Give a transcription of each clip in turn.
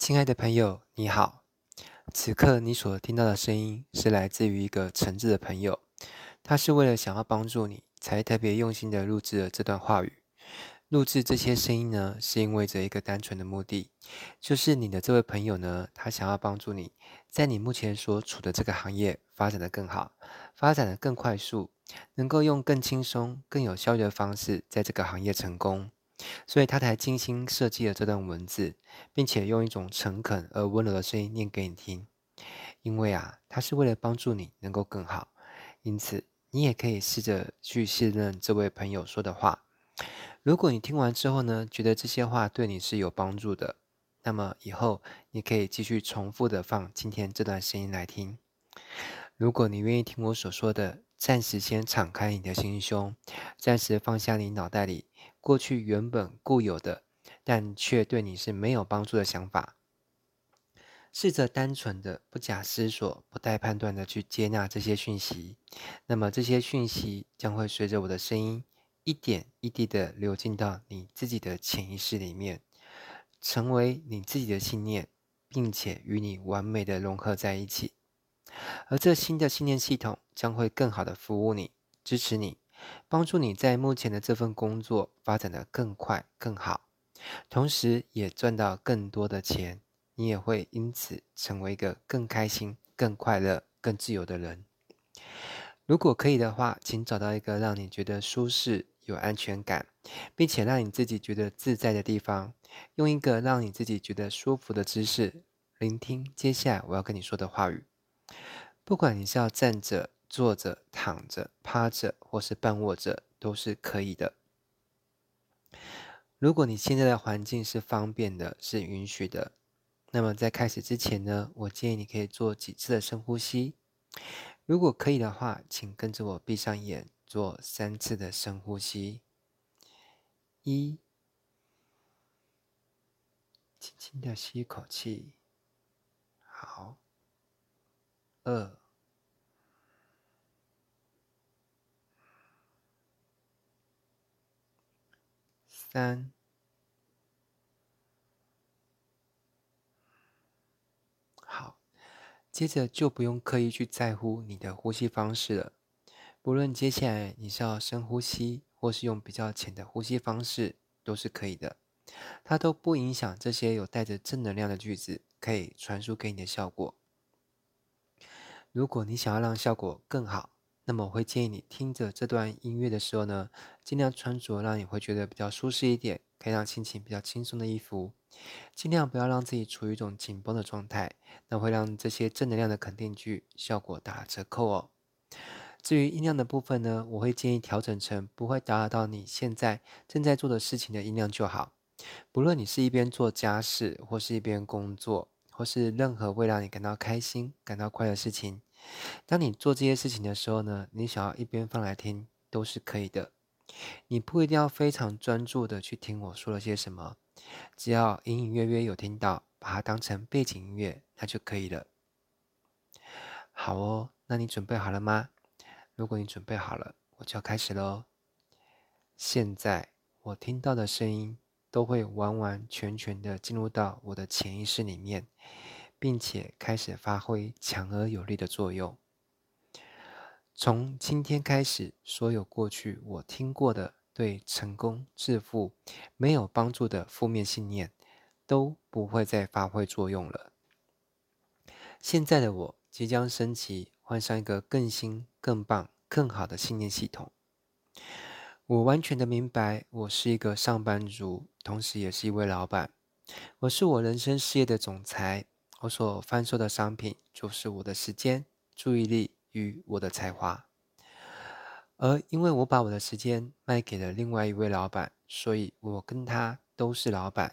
親愛的朋友，你好。此刻你所聽到的聲音是來自於一個誠摯的朋友，他是為了想要幫助你，才特別用心的錄製了這段話語。錄製這些聲音呢，是因為着一個單純的目的，就是你的這位朋友呢，他想要幫助你，在你目前所處的這個行業發展的更好，發展的更快速，能夠用更輕鬆、更有效率的方式，在這個行業成功。所以他才精心設計了這段文字，並且用一種誠懇而溫柔的聲音念給你聽，因為啊，他是為了幫助你能夠更好，因此你也可以試着去信任這位朋友說的話。如果你聽完之後呢，覺得這些話對你是有幫助的，那麼以後你可以繼續重複的放今天這段聲音來聽。如果你願意聽我所說的，暫時先敞開你的心胸，暫時放下你腦袋裡，過去原本固有的，但卻對你是沒有幫助的想法，試着單純的、不假思索、不帶判斷的去接納這些訊息，那麼這些訊息將會隨着我的聲音一點一滴的流進到你自己的潛意識裡面，成為你自己的信念，並且與你完美的融合在一起，而這新的信念系統將會更好的服務你、支持你。幫助你在目前的這份工作發展得更快、更好，同時也賺到更多的錢，你也會因此成為一個更開心、更快樂、更自由的人。如果可以的話，請找到一個讓你覺得舒適、有安全感，並且讓你自己覺得自在的地方，用一個讓你自己覺得舒服的姿勢，聆聽接下來我要跟你說的話語。不管你是要站着，坐着、躺着、趴着，或是半臥着都是可以的。如果你現在的環境是方便的，是允許的，那麼在開始之前呢，我建議你可以做幾次的深呼吸。如果可以的話，請跟着我閉上眼，做三次的深呼吸。一，輕輕的吸一口氣，好；二。三，好，接着就不用刻意去在乎你的呼吸方式了。不論接下來你是要深呼吸，或是用比較淺的呼吸方式，都是可以的，它都不影響這些有帶着正能量的句子可以傳輸給你的效果。如果你想要讓效果更好，那麼我會建議你聽着這段音樂的時候呢，盡量穿着讓你會覺得比較舒適一點，可以讓心情比較輕鬆的衣服，盡量不要讓自己處於一種緊繃的狀態，那會讓這些正能量的肯定句，效果打折扣哦。至於音量的部分呢，我會建議調整成不會打擾到你現在正在做的事情的音量就好。不論你是一邊做家事，或是一邊工作，或是任何會讓你感到開心、感到快樂的事情。當你做這些事情的時候呢，你想要一邊放來聽都是可以的，你不一定要非常專注的去聽我說了些什麼，只要隱隱約約有聽到，把它當成背景音樂，那就可以了。好哦，那你準備好了嗎？如果你準備好了，我就要開始嘍。現在我聽到的聲音都會完完全全的進入到我的潛意識裡面。並且開始發揮強而有力的作用。從今天開始，所有過去我聽過的對成功致富沒有幫助的負面信念，都不會再發揮作用了。現在的我即將升級，換上一個更新、更棒、更好的信念系統。我完全的明白，我是一個上班族，同時也是一位老闆。我是我人生事業的總裁。我所販售的商品，就是我的時間、注意力與我的才華，而因為我把我的時間賣給了另外一位老闆，所以我跟他都是老闆，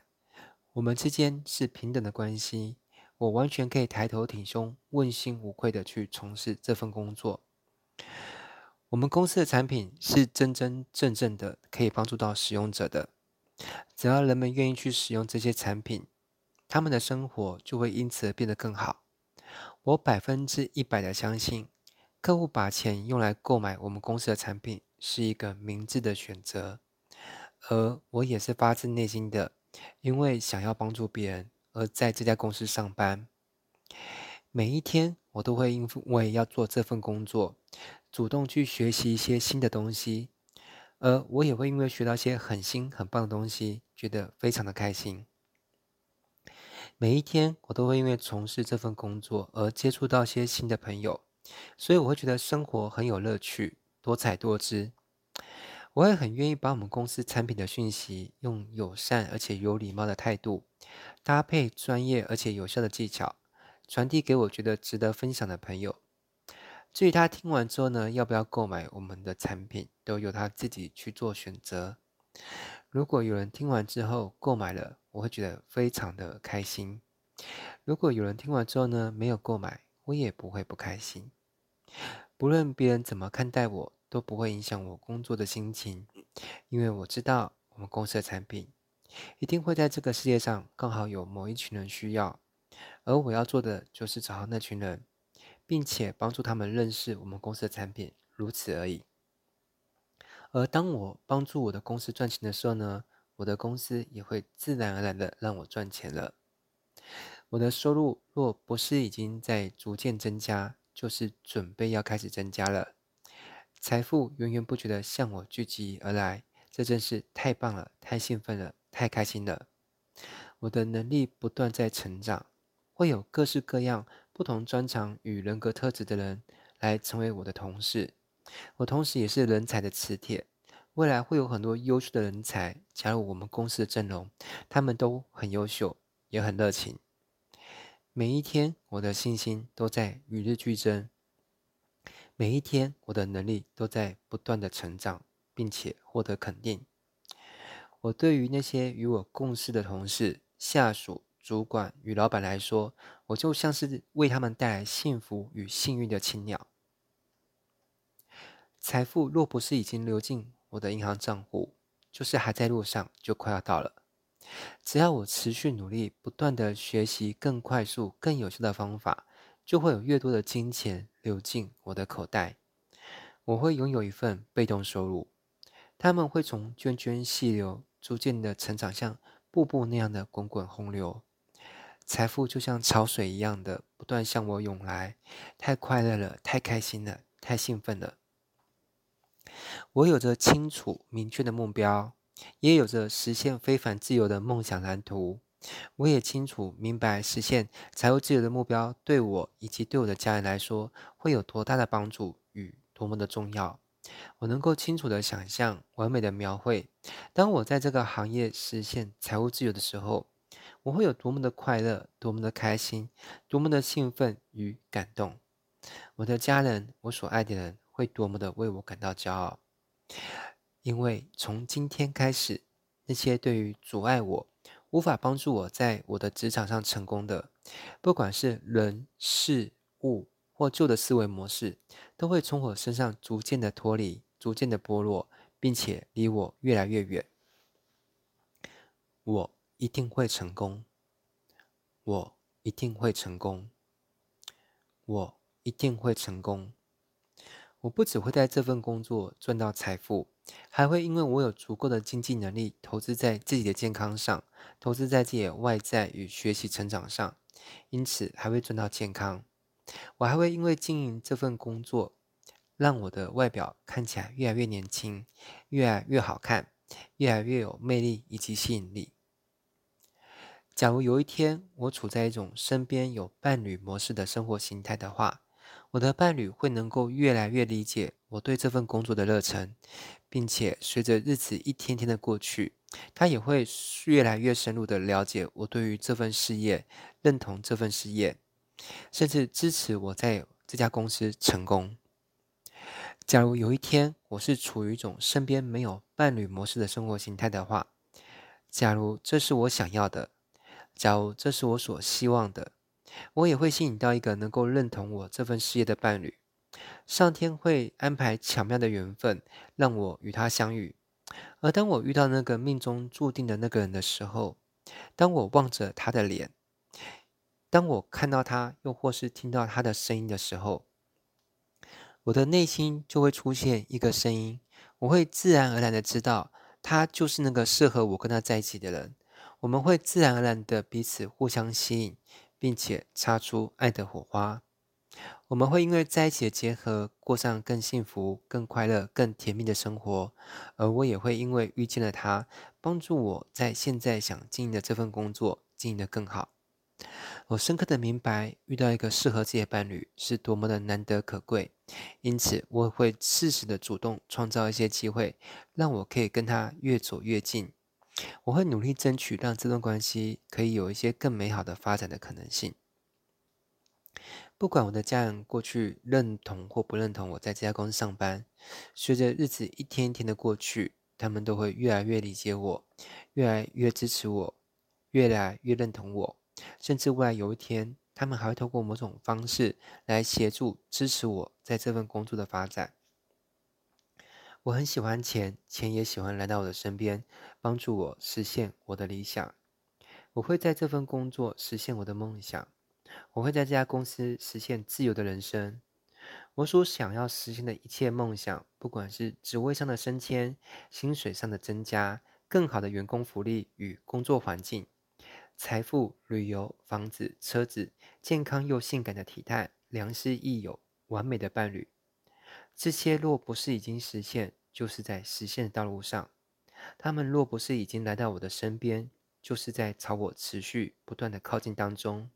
我們之間是平等的關係。我完全可以抬頭挺胸、問心無愧的去從事這份工作。我們公司的產品，是真真正正的，可以幫助到使用者的，只要人們願意去使用這些產品。他們的生活就會因此而變得更好。我百分之一百的相信，客戶把錢用來購買我們公司的產品是一個明智的選擇。而我也是發自內心的，因為想要幫助別人而在這家公司上班。每一天，我都會因為要做這份工作，主動去學習一些新的東西。而我也會因為學到一些很新很棒的東西，覺得非常的開心。每一天，我都會因為從事這份工作而接觸到一些新的朋友，所以我會覺得生活很有樂趣、多彩多姿。我會很願意把我們公司產品的訊息，用友善而且有禮貌的態度，搭配專業而且有效的技巧，傳遞給我覺得值得分享的朋友。至於他聽完之後呢，要不要購買我們的產品，都由他自己去做選擇。如果有人聽完之後購買了，我會覺得非常的開心。如果有人聽完之後呢，沒有購買，我也不會不開心。不論別人怎麼看待我，都不會影響我工作的心情，因為我知道，我們公司的產品一定會在這個世界上，剛好有某一群人需要，而我要做的，就是找到那群人，並且幫助他們認識我們公司的產品，如此而已。而當我幫助我的公司賺錢的時候呢，我的公司也會自然而然的讓我賺錢了。我的收入若不是已經在逐漸增加，就是準備要開始增加了。財富源源不絕的向我聚集而來，這真是太棒了，太興奮了，太開心了。我的能力不斷在成長，會有各式各樣不同專長與人格特質的人來成為我的同事，我同時也是人才的磁鐵。未來會有很多優秀的人才加入我們公司的陣容，他們都很優秀，也很熱情。每一天，我的信心都在與日俱增；每一天，我的能力都在不斷的成長，並且獲得肯定。我對於那些與我共事的同事、下屬、主管與老闆來說，我就像是為他們帶來幸福與幸運的青鳥。財富若不是已經流進我的銀行賬戶，就是還在路上，就快要到了。只要我持續努力，不斷的學習更快速、更有效的方法，就會有越多的金錢流進我的口袋。我會擁有一份被動收入。他們會從涓涓細流逐漸的成長，像瀑布那樣的滾滾洪流。財富就像潮水一樣的不斷向我湧來。太快樂了，太開心了，太興奮了。我有着清楚明確的目標，也有着實現非凡自由的夢想藍圖。我也清楚明白，實現財務自由的目標對我以及對我的家人來說，會有多大的幫助與多麼的重要。我能夠清楚的想象，完美的描繪，當我在這個行業實現財務自由的時候，我會有多麼的快樂，多麼的開心，多麼的興奮與感動。我的家人，我所愛的人。會多麼的為我感到驕傲！因為從今天開始，那些對於阻礙我、無法幫助我在我的職場上成功的，不管是人、事、物或舊的思維模式，都會從我身上逐漸的脫離、逐漸的剝落，並且離我越來越遠。我一定會成功！我一定會成功！我一定會成功！我不只會在這份工作賺到財富，還會因為我有足夠的經濟能力，投資在自己的健康上，投資在自己的外在與學習成長上，因此還會賺到健康。我還會因為經營這份工作，讓我的外表看起來越來越年輕，越來越好看，越來越有魅力以及吸引力。假如有一天我處在一種身邊有伴侶模式的生活形態的話，我的伴侶會能夠越來越理解我對這份工作的熱忱，並且隨着日子一天天的過去，他也會越來越深入的了解我對於這份事業，認同這份事業，甚至支持我在這家公司成功。假如有一天我是處於一種身邊沒有伴侶模式的生活形態的話，假如這是我想要的，假如這是我所希望的。我也會吸引到一個能夠認同我這份事業的伴侶，上天會安排巧妙的緣分，讓我與他相遇。而當我遇到那個命中注定的那個人的時候，當我望着他的臉，當我看到他又或是聽到他的聲音的時候，我的內心就會出現一個聲音，我會自然而然的知道，他就是那個適合我跟他在一起的人。我們會自然而然的彼此互相吸引。並且擦出愛的火花，我們會因為在一起的結合，過上更幸福、更快樂、更甜蜜的生活。而我也會因為遇見了他，幫助我在現在想經營的這份工作經營得更好。我深刻的明白，遇到一個適合自己的伴侶是多麼的難得可貴，因此我會適時的主動創造一些機會，讓我可以跟他越走越近。我會努力爭取，讓這段關係可以有一些更美好的發展的可能性。不管我的家人過去認同或不認同我在這家公司上班，隨着日子一天一天的過去，他們都會越來越理解我，越來越支持我，越來越認同我，甚至未來有一天，他們還會透過某種方式來協助支持我在這份工作的發展。我很喜歡錢，錢也喜歡來到我的身邊，幫助我實現我的理想。我會在這份工作實現我的夢想，我會在這家公司實現自由的人生。我所想要實現的一切夢想，不管是職位上的升遷、薪水上的增加、更好的員工福利與工作環境、財富、旅游、房子、車子、健康又性感的體態、良師益友、完美的伴侶。這些若不是已經實現，就是在實現的道路上；他們若不是已經來到我的身邊，就是在朝我持續不斷的靠近當中。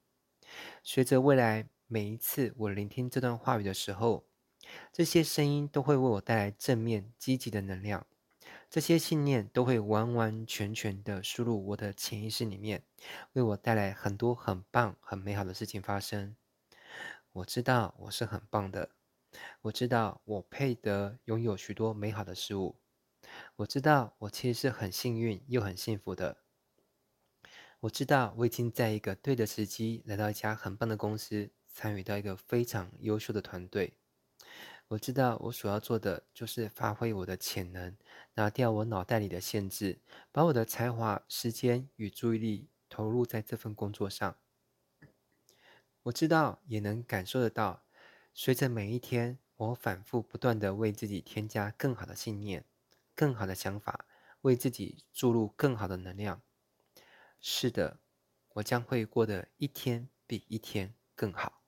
隨着未來每一次我聆聽這段話語的時候，這些聲音都會為我帶來正面積極的能量；這些信念都會完完全全的輸入我的潛意識裡面，為我帶來很多很棒、很美好的事情發生。我知道我是很棒的。我知道我配得擁有許多美好的事物。我知道我其實是很幸運又很幸福的。我知道我已經在一個對的時機來到一家很棒的公司，參與到一個非常優秀的團隊。我知道我所要做的就是發揮我的潛能，拿掉我腦袋裡的限制，把我的才華、時間與注意力投入在這份工作上。我知道也能感受得到。隨着每一天，我反覆不斷的為自己添加更好的信念、更好的想法，為自己注入更好的能量。是的，我將會過得一天比一天更好。